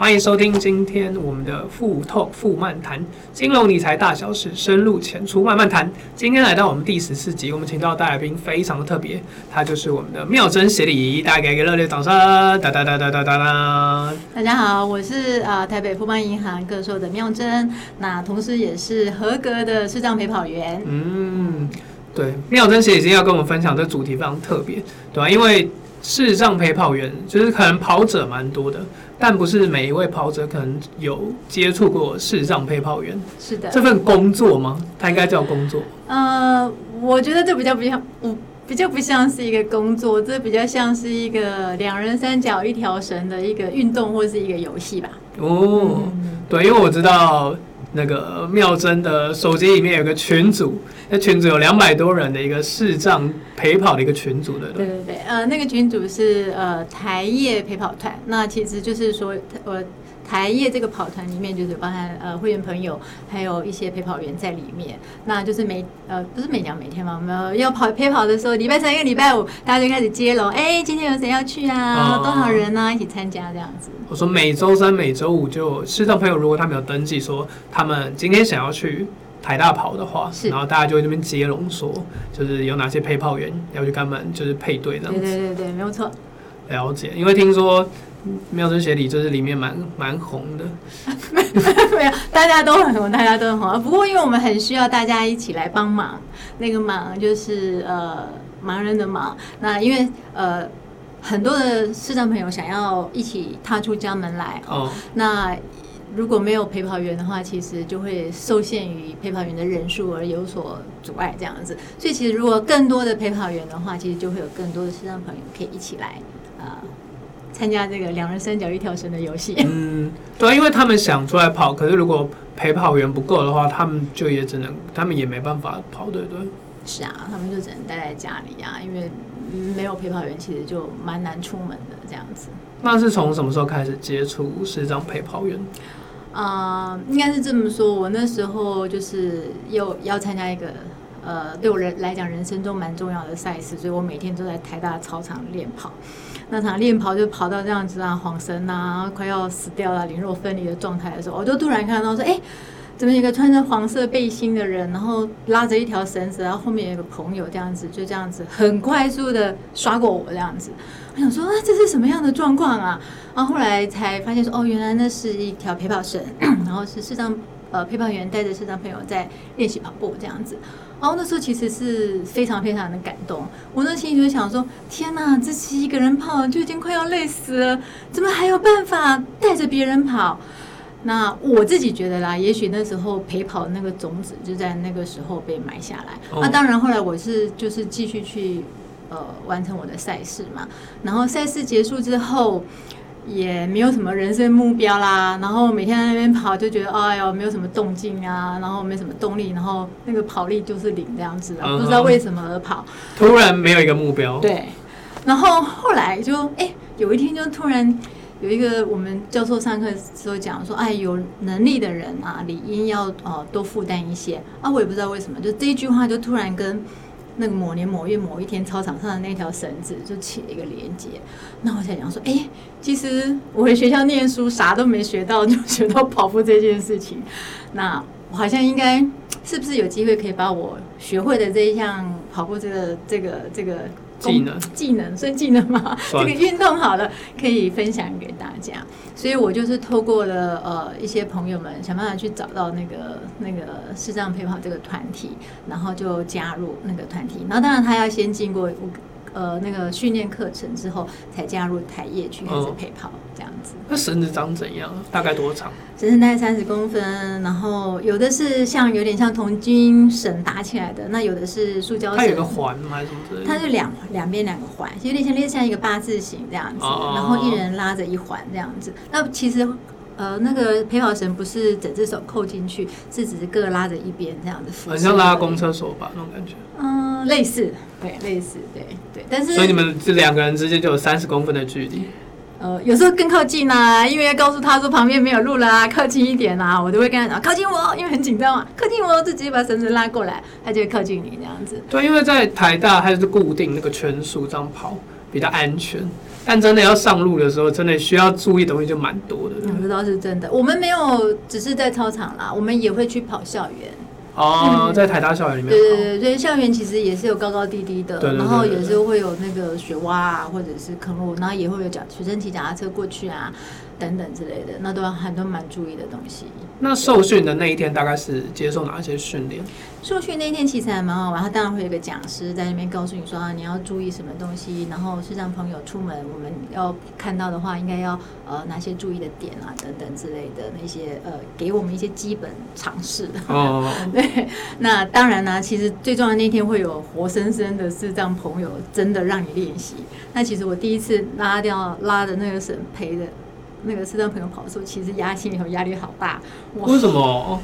歡迎收聽今天我們的 talk, 富透富漫談金融理財大小事，深入淺出慢慢談。今天來到我們第十四集，我們請到的來賓非常的特別，他就是我們的妙貞協理，大家給一個熱烈掌聲！噠噠噠噠噠噠大家好，我是啊、呃、台北富邦銀行個售的妙貞，那同時也是合格的視障陪跑員。嗯，對，妙貞協理今天要跟我們分享的主題非常特別，對、啊、因為視障陪跑員就是可能跑者蠻多的。但不是每一位跑者，可能有接觸過視障陪跑員是，是的，這份工作嗎？它應該叫工作。呃，我覺得這比較比較，我比較不像是一個工作，這比較像是一個兩人三腳，一條繩的一個運動或是一個遊戲吧。哦，對，因為我知道。那個妙貞的手機裡面有個群組，那群組有兩百多人的一個視障陪跑的一個群組的，對對對，呃，那個群組是呃台業陪跑團，那其實就是說，我、呃。台業這個跑團裡面就是包含呃，會員朋友，還有一些陪跑員在裡面。那就是每呃，不是每兩每天嘛，我們要跑陪跑的時候，禮拜三跟禮拜五大家就開始接龍，哎、欸，今天有誰要去啊？多少人呢、啊嗯？一起參加這樣子。我說每週三、每週五就，視障朋友如果他們有登記說他們今天想要去台大跑的話，是然後大家就會這邊接龍說，就是有哪些陪跑員要去跟他們就是配對這樣子。對對對對，沒有錯。了解，因為聽說。妙貞協理就是裡面蠻蠻紅的， 沒有，大家都很紅，大家都很紅。不過，因為我們很需要大家一起來幫忙，那個忙就是呃盲人的忙。那因為呃很多的視障朋友想要一起踏出家門來哦，oh. 那如果沒有陪跑員的話，其實就會受限於陪跑員的人數而有所阻礙這樣子。所以，其實如果更多的陪跑員的話，其實就會有更多的視障朋友可以一起來啊。呃參加這個兩人三腳一跳繩的遊戲。嗯，對，因為他們想出來跑，可是如果陪跑員不夠的話，他們就也只能，他們也沒辦法跑，對對，對？是啊，他們就只能待在家裡啊，因為沒有陪跑員，其實就蠻難出門的這樣子。那是從什麼時候開始接觸視障陪跑員？啊、嗯，應該是這麼說，我那時候就是又要參加一個呃，對我人來講人生中蠻重要的賽事，所以我每天都在台大操場練跑。那場練跑就跑到這樣子啊，晃神啊，快要死掉了，靈肉分離的狀態的時候，我就突然看到說，哎、欸，怎麼一個穿着黃色背心的人，然後拉着一條繩子，然後後面有個朋友，這樣子，就這樣子很快速的刷過我這樣子，我想說啊，這是什麼樣的狀況啊？然後後來才發現說，哦，原來那是一條陪跑繩，然後是視障呃陪跑員帶着視障朋友在練習跑步這樣子。然、oh, 後那時候其實是非常非常的感動，我那心裡就想說：“天哪，自己一個人跑就已經快要累死了，怎麼還有辦法帶着別人跑？”那我自己覺得啦，也許那時候陪跑的那個種子就在那個時候被埋下來。Oh. 那當然，後來我是就是繼續去呃完成我的賽事嘛。然後賽事結束之後。也沒有什麼人生目標啦，然後每天在那邊跑就覺得哎呦沒有什麼動靜啊，然後沒什麼動力，然後那個跑力就是零這樣子的、嗯，不知道為什麼而跑。突然沒有一個目標。對，然後後來就、欸、有一天就突然有一個我們教授上課的時候講說，哎，有能力的人啊，理應要呃多負擔一些啊，我也不知道為什麼，就這一句話就突然跟。那個某年某月某一天，操場上的那條繩子就起了一個連接。那我想想說，哎、欸，其實我回學校念書啥都沒學到，就學到跑步這件事情。那我好像應該是不是有機會可以把我學會的這一項跑步這個這個這個，這個技能技能算技能嗎？這個運動好了，可以分享給大家。所以我就是透過了呃一些朋友們，想辦法去找到那個那個視障陪跑這個團體，然後就加入那個團體。然後當然他要先經過。呃，那個訓練課程之後才加入台業去開始陪跑這樣子。哦、那繩子長怎樣？大概多長？繩子大概三十公分，然後有的是像有點像童軍繩打起來的，那有的是塑膠繩。它有個環還是什麼之類的？它是兩兩邊兩個環，有點像類似像一個八字形這樣子。哦、然後一人拉着一環這樣子。那其實呃，那個陪跑繩不是整隻手扣進去，是只是各拉着一邊這樣子，很像拉公車手把，那種感覺。嗯。類似，對，類似，對，對，但是所以你們這兩個人之間就有三十公分的距離。呃，有時候更靠近啦、啊，因為要告訴他說旁邊沒有路啦、啊，靠近一點啦、啊。我都會跟他講靠近我，因為很緊張嘛，靠近我，直接把繩子拉過來，他就會靠近你這樣子。對，因為在台大還是固定那個圈數這樣跑比較安全，但真的要上路的時候，真的需要注意的東西就蠻多的。我、嗯、知道是真的，我們沒有只是在操場啦，我們也會去跑校園。哦、 oh,，在台大校園裡面。 對對對，對，所以校園其實也是有高高低低的，對對對對對對對，然後也是會有那個雪窪啊，或者是坑路，然後也會有腳，學生騎腳踏車過去啊。等等之類的，那都很多蠻注意的東西。那受訓的那一天大概是接受哪些訓練？受訓那一天其實還蠻好玩，他當然會有個講師在那邊告訴你說、啊、你要注意什麼東西，然後視障朋友出門，我們要看到的話應該要呃哪些注意的點啊等等之類的那些呃給我們一些基本常識。哦、oh. 對，那當然呢、啊，其實最重要那天會有活生生的視障朋友真的讓你練習。那其實我第一次拉掉拉的那個繩，陪的。那個視障朋友跑的時候，其實壓心裡頭壓力好大。為什麼？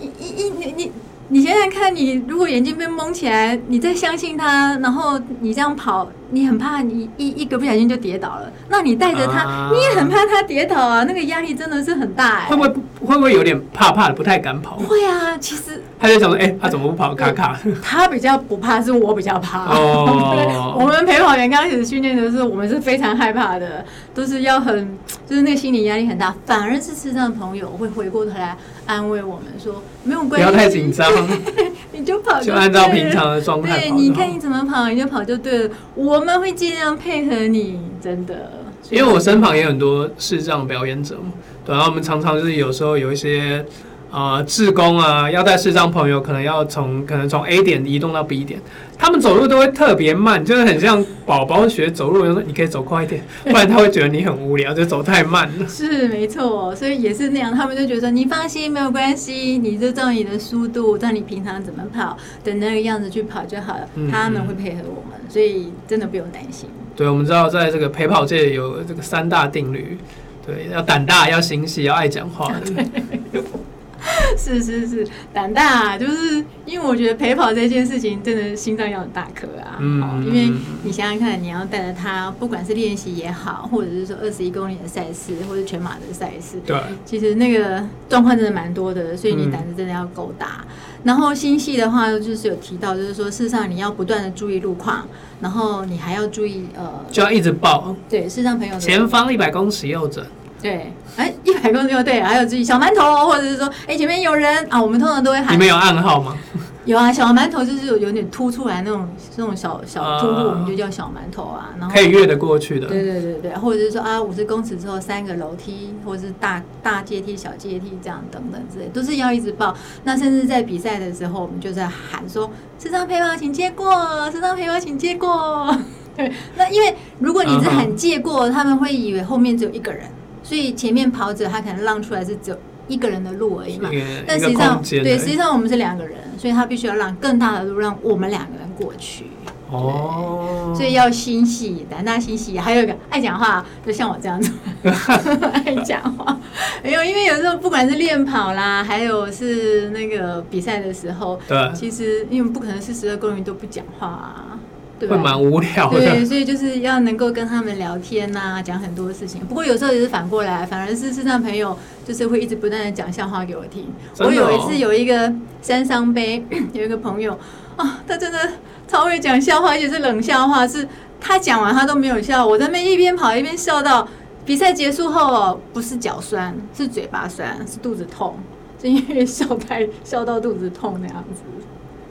你你你你你想想看，你如果眼睛被蒙起來，你再相信他，然後你這樣跑，你很怕你一一,一個不小心就跌倒了。那你帶着他，啊，你也很怕他跌倒啊。那個壓力真的是很大哎，欸。會不會不會不會有點怕怕的，不太敢跑？會啊，其實他就想說，哎、欸，他怎麼不跑卡卡？他比較不怕，是我比較怕。哦、oh. 我們陪跑員剛開始訓練的時候，我們是非常害怕的，都是要很，就是那個心理壓力很大。反而是視障的朋友會回過頭來安慰我們說：“沒有關係，不要太緊張， 你就跑就，就按照平常的狀態對，對，你看你怎麼跑，你就跑就對了。我們會盡量配合你，真的。因為我身旁也有很多視障表演者嘛，對啊，我們常常就是有時候有一些啊、呃，志工啊，要帶視障朋友，可能要從可能從 A 點移動到 B 點，他們走路都會特別慢，就是很像寶寶學走路，就說你可以走快一點，不然他會覺得你很無聊，就走太慢了是。是沒錯哦，所以也是那樣，他們就覺得你放心，沒有關係，你就照你的速度，照你平常怎麼跑的那個樣子去跑就好了，他們會配合我們，所以真的不用擔心。對，我們知道在這個陪跑界有這個三大定律，對，要膽大，要心細，要愛講話。對， 是是是，膽大、啊，就是因為我覺得陪跑這件事情真的心臟要很大顆啊。嗯，因為你想想看，你要帶着他，不管是練習也好，或者是說二十一公里的賽事，或者全馬的賽事，對，其實那個狀況真的蠻多的，所以你膽子真的要夠大、嗯。然後心細的話，就是有提到，就是說事實上你要不斷的注意路況，然後你還要注意呃，就要一直報。對，事實上朋友的前方一百公尺右轉。對，哎，一百公里哦，對，還有自己小饅頭，或者是說，哎，前面有人啊，我們通常都會喊。你們有暗號嗎？哎、有啊，小饅頭就是有，有點凸出來那種這種小小，小突兀，uh, 我們就叫小饅頭啊。然後可以越得過去的。對對對對，或者是說啊，五十公尺之後三個樓梯，或者是大大階梯，小階梯這樣等等之類，都是要一直報。那甚至在比賽的時候，我們就在喊說：視障陪跑，請借過，視障陪跑，請借過。對，那因為如果你只喊借過，uh -huh. 他們會以為後面只有一個人。所以前面跑者他可能讓出來是走一個人的路而已嘛，但實際上對，實際上我們是兩個人，所以他必須要讓更大的路讓我們兩個人過去。哦，所以要心細，膽大心細，還有一個愛講話，就像我這樣子 愛講話。沒有，因為有時候不管是練跑啦，還有是那個比賽的時候，對，其實因為不可能是四十二公里都不講話啊。會蠻無聊的，對，所以就是要能夠跟他們聊天吶、啊，講很多事情。不過有時候也是反過來，反而是視障朋友就是會一直不斷的講笑話給我聽、哦。我有一次有一個三商杯有一個朋友啊，他真的超會講笑話，而且是冷笑話，是他講完他都沒有笑，我在那邊一邊跑一邊笑到比賽結束後、哦、不是腳酸是嘴巴酸是肚子痛，就因為笑太笑到肚子痛那樣子。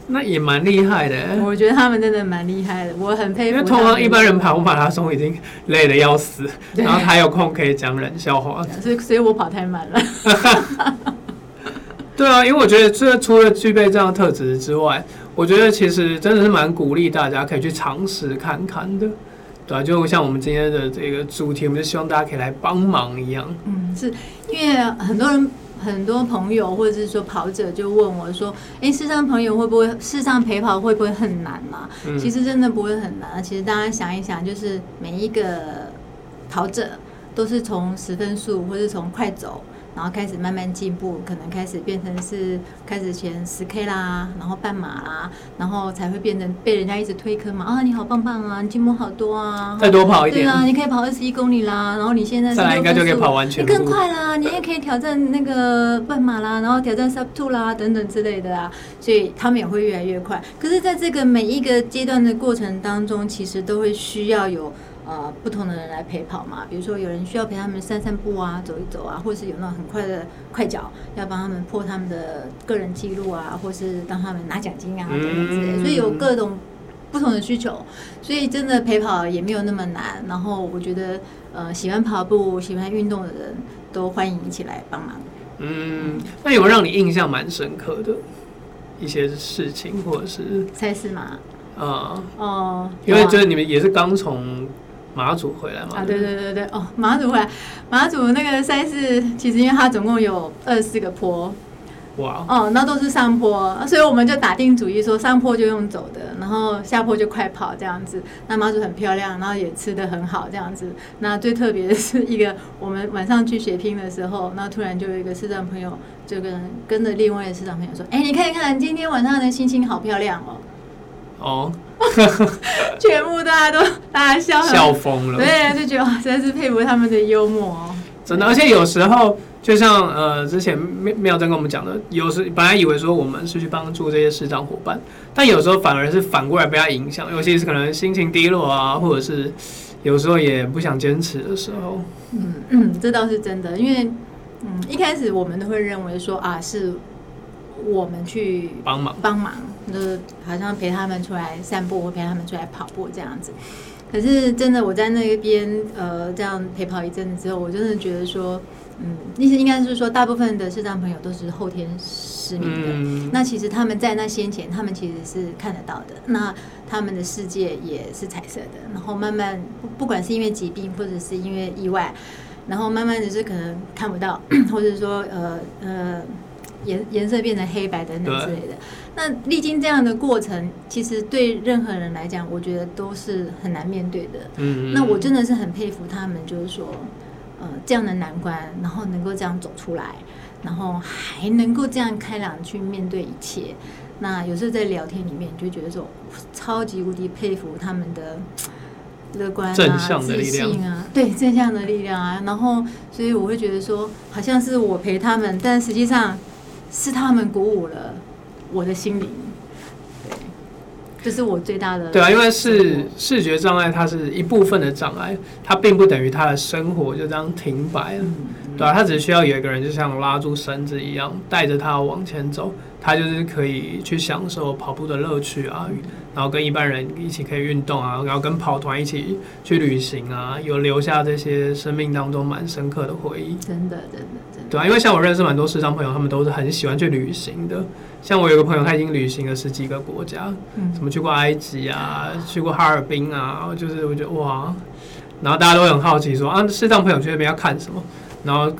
那也蠻厲害的，我覺得他們真的蠻厲害的，我很佩服他們。因為通常一般人跑馬拉松已經累得要死，然後還有空可以講冷笑話，所以所以我跑太慢了。 對啊，因為我覺得這除了具備這樣的特質之外，我覺得其實真的是蠻鼓勵大家可以去嘗試看看的，對啊，就像我們今天的這個主題，我們就希望大家可以來幫忙一樣。嗯，是因為很多人、嗯。很多朋友或者是說跑者就問我說：“哎、欸，視障朋友會不會？視障陪跑會不會很難嘛、啊？”嗯、其實真的不會很難。其實大家想一想，就是每一個跑者都是從十分速，或是從快走。然後開始慢慢進步，可能開始變成是開始前十 K 啦，然後半馬啦，然後才會變成被人家一直推坑嘛。啊，你好棒棒啊，你進步好多啊！再多跑一點。對啊，你可以跑二十一公里啦。然後你現在再來應該就可以跑完全程。你更快啦，你也可以挑戰那個半馬啦，然後挑戰 Sub Two 啦等等之類的啊。所以他們也會越來越快。可是，在這個每一個階段的過程當中，其實都會需要有。呃，不同的人來陪跑嘛，比如說有人需要陪他們散散步啊，走一走啊，或者是有那種很快的快腳，要幫他們破他們的個人記錄啊，或是幫他們拿獎金啊等等之類。所以有各種不同的需求，所以真的陪跑也沒有那麼難。然後我覺得，呃，喜歡跑步、喜歡運動的人都歡迎一起來幫忙嗯。嗯，那有讓你印象蠻深刻的，一些事情或者是賽事嗎？呃呃、啊，哦，因為就是你們也是剛從。馬祖回來嗎？啊，對對對對哦，馬祖回來，馬祖那個賽事其實因為它總共有二十四個坡，哇、wow，哦，那都是上坡，所以我們就打定主意說上坡就用走的，然後下坡就快跑這樣子。那馬祖很漂亮，然後也吃得很好這樣子。那最特別的是一個，我們晚上去血拼的時候，那突然就有一個視障朋友就跟跟着另外一個視障朋友說，哎、欸，你看一看今天晚上的星星好漂亮哦。哦、oh, 全部大家都大家笑，笑瘋了，對，就覺得實在是佩服他們的幽默哦，真的。而且有時候就像呃，之前妙妙貞跟我們講的，有時本來以為說我們是去幫助這些視障夥伴，但有時候反而是反過來被他影響，尤其是可能心情低落啊，或者是有時候也不想堅持的時候。嗯嗯，這倒是真的，因為嗯，嗯一開始我們都會認為說啊，是我們去幫忙幫忙。就是好像陪他們出來散步，或陪他們出來跑步這樣子。可是真的，我在那邊呃，這樣陪跑一陣子之後，我真的覺得說，嗯，那些應該是說，大部分的視障朋友都是後天失明的。嗯。那其實他們在那先前，他們其實是看得到的。那他們的世界也是彩色的。然後慢慢，不管是因為疾病，或者是因為意外，然後慢慢就是可能看不到，或者說，呃呃。顏顏色變成黑白等等之類的，那歷經這樣的過程，其實對任何人來講，我覺得都是很難面對的。嗯，嗯，那我真的是很佩服他們，就是說，呃，這樣的難關，然後能夠這樣走出來，然後還能夠這樣開朗去面對一切。那有時候在聊天裡面，就覺得說，超級無敵佩服他們的樂觀啊，正向的力量、自信啊，對，正向的力量啊。然後，所以我會覺得說，好像是我陪他們，但實際上。是他們鼓舞了我的心靈，對，這、就是我最大的。對啊，因為是視，視覺障礙，它是一部分的障礙，它並不等於他的生活就這樣停擺了，嗯，對啊，他只需要有一個人，就像拉住繩子一樣，帶着他往前走，他就是可以去享受跑步的樂趣啊，然後跟一般人一起可以運動啊，然後跟跑團一起去旅行啊，有留下這些生命當中蠻深刻的回憶，真的，真的。對吧？因為像我認識蠻多視障朋友，他們都是很喜歡去旅行的。像我有個朋友，他已經旅行了十幾個國家，嗯、什麼去過埃及啊，去過哈爾濱啊，就是我覺得哇。然後大家都很好奇說啊，視障朋友去那邊要看什麼？然後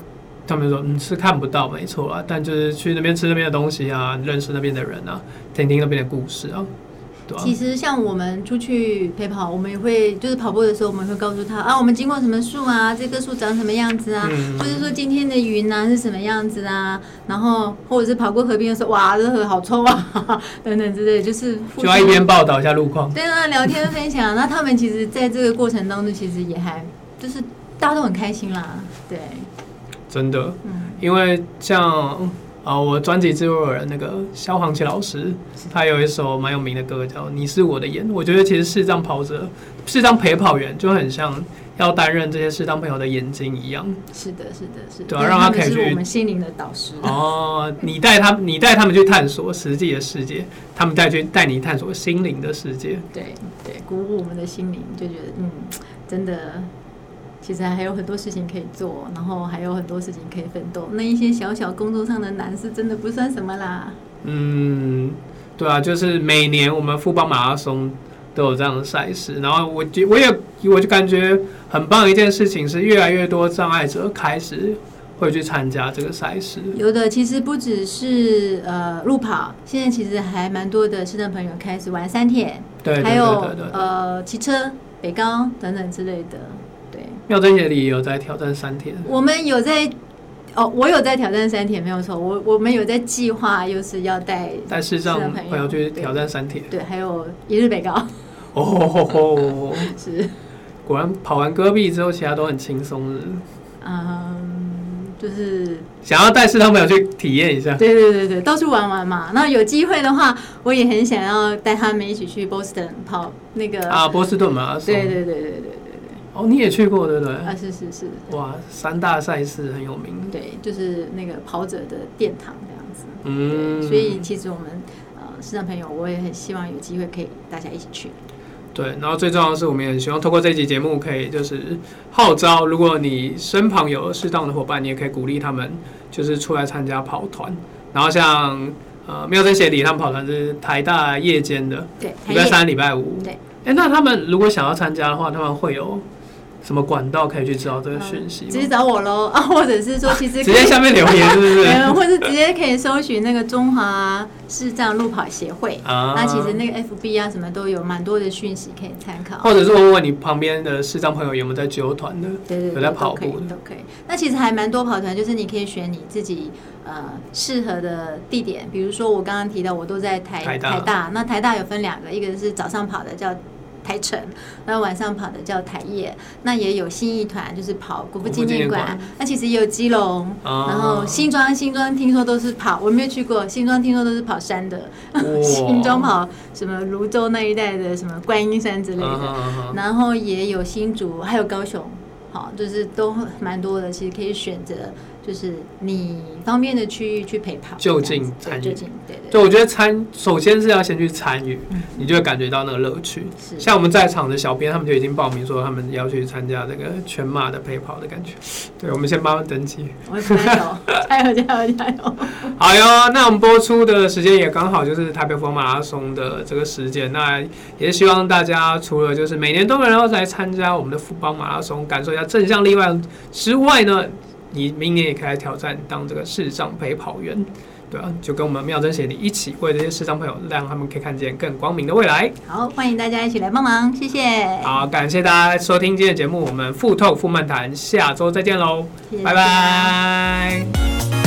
他們說，嗯，是看不到沒錯啊，但就是去那邊吃那邊的東西啊，認識那邊的人啊，聽聽那邊的故事啊。啊、其實像我們出去陪跑，我們也會就是跑步的時候，我們會告訴他啊，我們經過什麼樹啊，這棵、個、樹長什麼樣子啊，或、嗯就是說今天的雲啊是什麼樣子啊，然後或者是跑過河邊的時候，哇，這河好衝啊， 等等之類，就是就在一邊報道一下路況，對啊，聊天分享。 那他們其實在這個過程當中，其實也還就是大家都很開心啦，對，真的，嗯，因為像。啊、oh,，我專輯製作人那個蕭煌奇老師，他有一首蠻有名的歌叫《你是我的眼》，我覺得其實是視障跑者，是視障陪跑員，就很像要擔任這些視障朋友的眼睛一樣、嗯。是的，是的，是的。對、啊，讓他可以去。們是我們心靈的導師。哦、oh,，你帶他，你帶他們去探索實際的世界，他們再去帶你探索心靈的世界。對對，鼓舞我們的心靈，就覺得嗯，真的。其實還有很多事情可以做，然後還有很多事情可以奮鬥。那一些小小工作上的難事，真的不算什麼啦。嗯，對啊，就是每年我們富邦馬拉松都有這樣的賽事，然後我就我也我就感覺很棒一件事情是越來越多障礙者開始會去參加這個賽事。有的其實不只是呃路跑，現在其實還蠻多的視障朋友開始玩三鐵對，對，對，對，對，對，還有呃騎車、北高等等之類的。妙貞協理有在挑戰三鐵，我們有在哦，我有在挑戰三鐵，沒有錯。我我們有在計劃，又是要帶帶視障朋友去挑戰三鐵，對，還有一日北高。哦、oh, oh,，oh, oh. 是，果然跑完戈壁之後，其他都很輕鬆的。嗯、um,，就是想要帶視障朋友去體驗一下。對對對對，到處玩玩嘛。那有機會的話，我也很想要帶他們一起去波士頓跑那個啊，波士頓嘛，對對對對對，對。哦，你也去過對不對？啊，是是是。哇，三大賽事很有名。對，就是那個跑者的殿堂這樣子。嗯。所以其實我們呃，視障朋友，我也很希望有機會可以大家一起去。對，然後最重要的是，我們也很希望透過這一集節目，可以就是號召，如果你身旁有適當的伙伴，你也可以鼓勵他們，就是出來參加跑團。然後像呃妙貞協理他們跑團是台大夜間的，對，台大，禮拜三、禮拜五。對。哎、欸，那他們如果想要參加的話，他們會有？什麼管道可以去知道這個訊息，啊？直接找我嘍啊，或者是說，其實、啊、直接下面留言是不是？ 對，或者直接可以搜尋那個中華視障路跑協會啊，那其實那個 FB 啊什麼都有蠻多的訊息可以參考。或者是問問你旁邊的視障朋友有沒有在揪團的，嗯，對對對，有在跑步都可、都可以。那其實還蠻多跑團，就是你可以選你自己呃適合的地點，比如說我剛剛提到我都在台台大，那台、台大有分兩個，一個是早上跑的叫。台城，那晚上跑的叫台夜，那也有新義團，就是跑國父紀念館。那其實也有基隆，啊、然後新莊，新莊聽說都是跑，我沒有去過。新莊聽說都是跑山的，新莊跑什麼蘆洲那一帶的什麼觀音山之類的。啊哈啊哈，然後也有新竹，還有高雄，好，就是都蠻多的，其實可以選擇。就是你方便的區域去陪跑，就近參與。就近對對，對。我覺得參，首先是要先去參與，你就會感覺到那個樂趣。是。像我們在場的小編，他們就已經報名說他們要去參加這個全馬的陪跑的感覺。對，我們先幫忙登記我加。加油加油加油！好喲。那我們播出的時間也剛好就是台北富邦馬拉松的這個時間。那也希望大家除了就是每年冬天要來參加我們的富邦馬拉松，感受一下正向力量之外呢。你明年也可以來挑戰當這個視障陪跑員，對啊。就跟我們妙貞姐你一起為這些視障朋友，讓他們可以看見更光明的未來。好，歡迎大家一起來幫忙，謝謝。好，感謝大家收聽今天的節目，我們富透富漫談，下週再見嘍，拜拜。謝謝。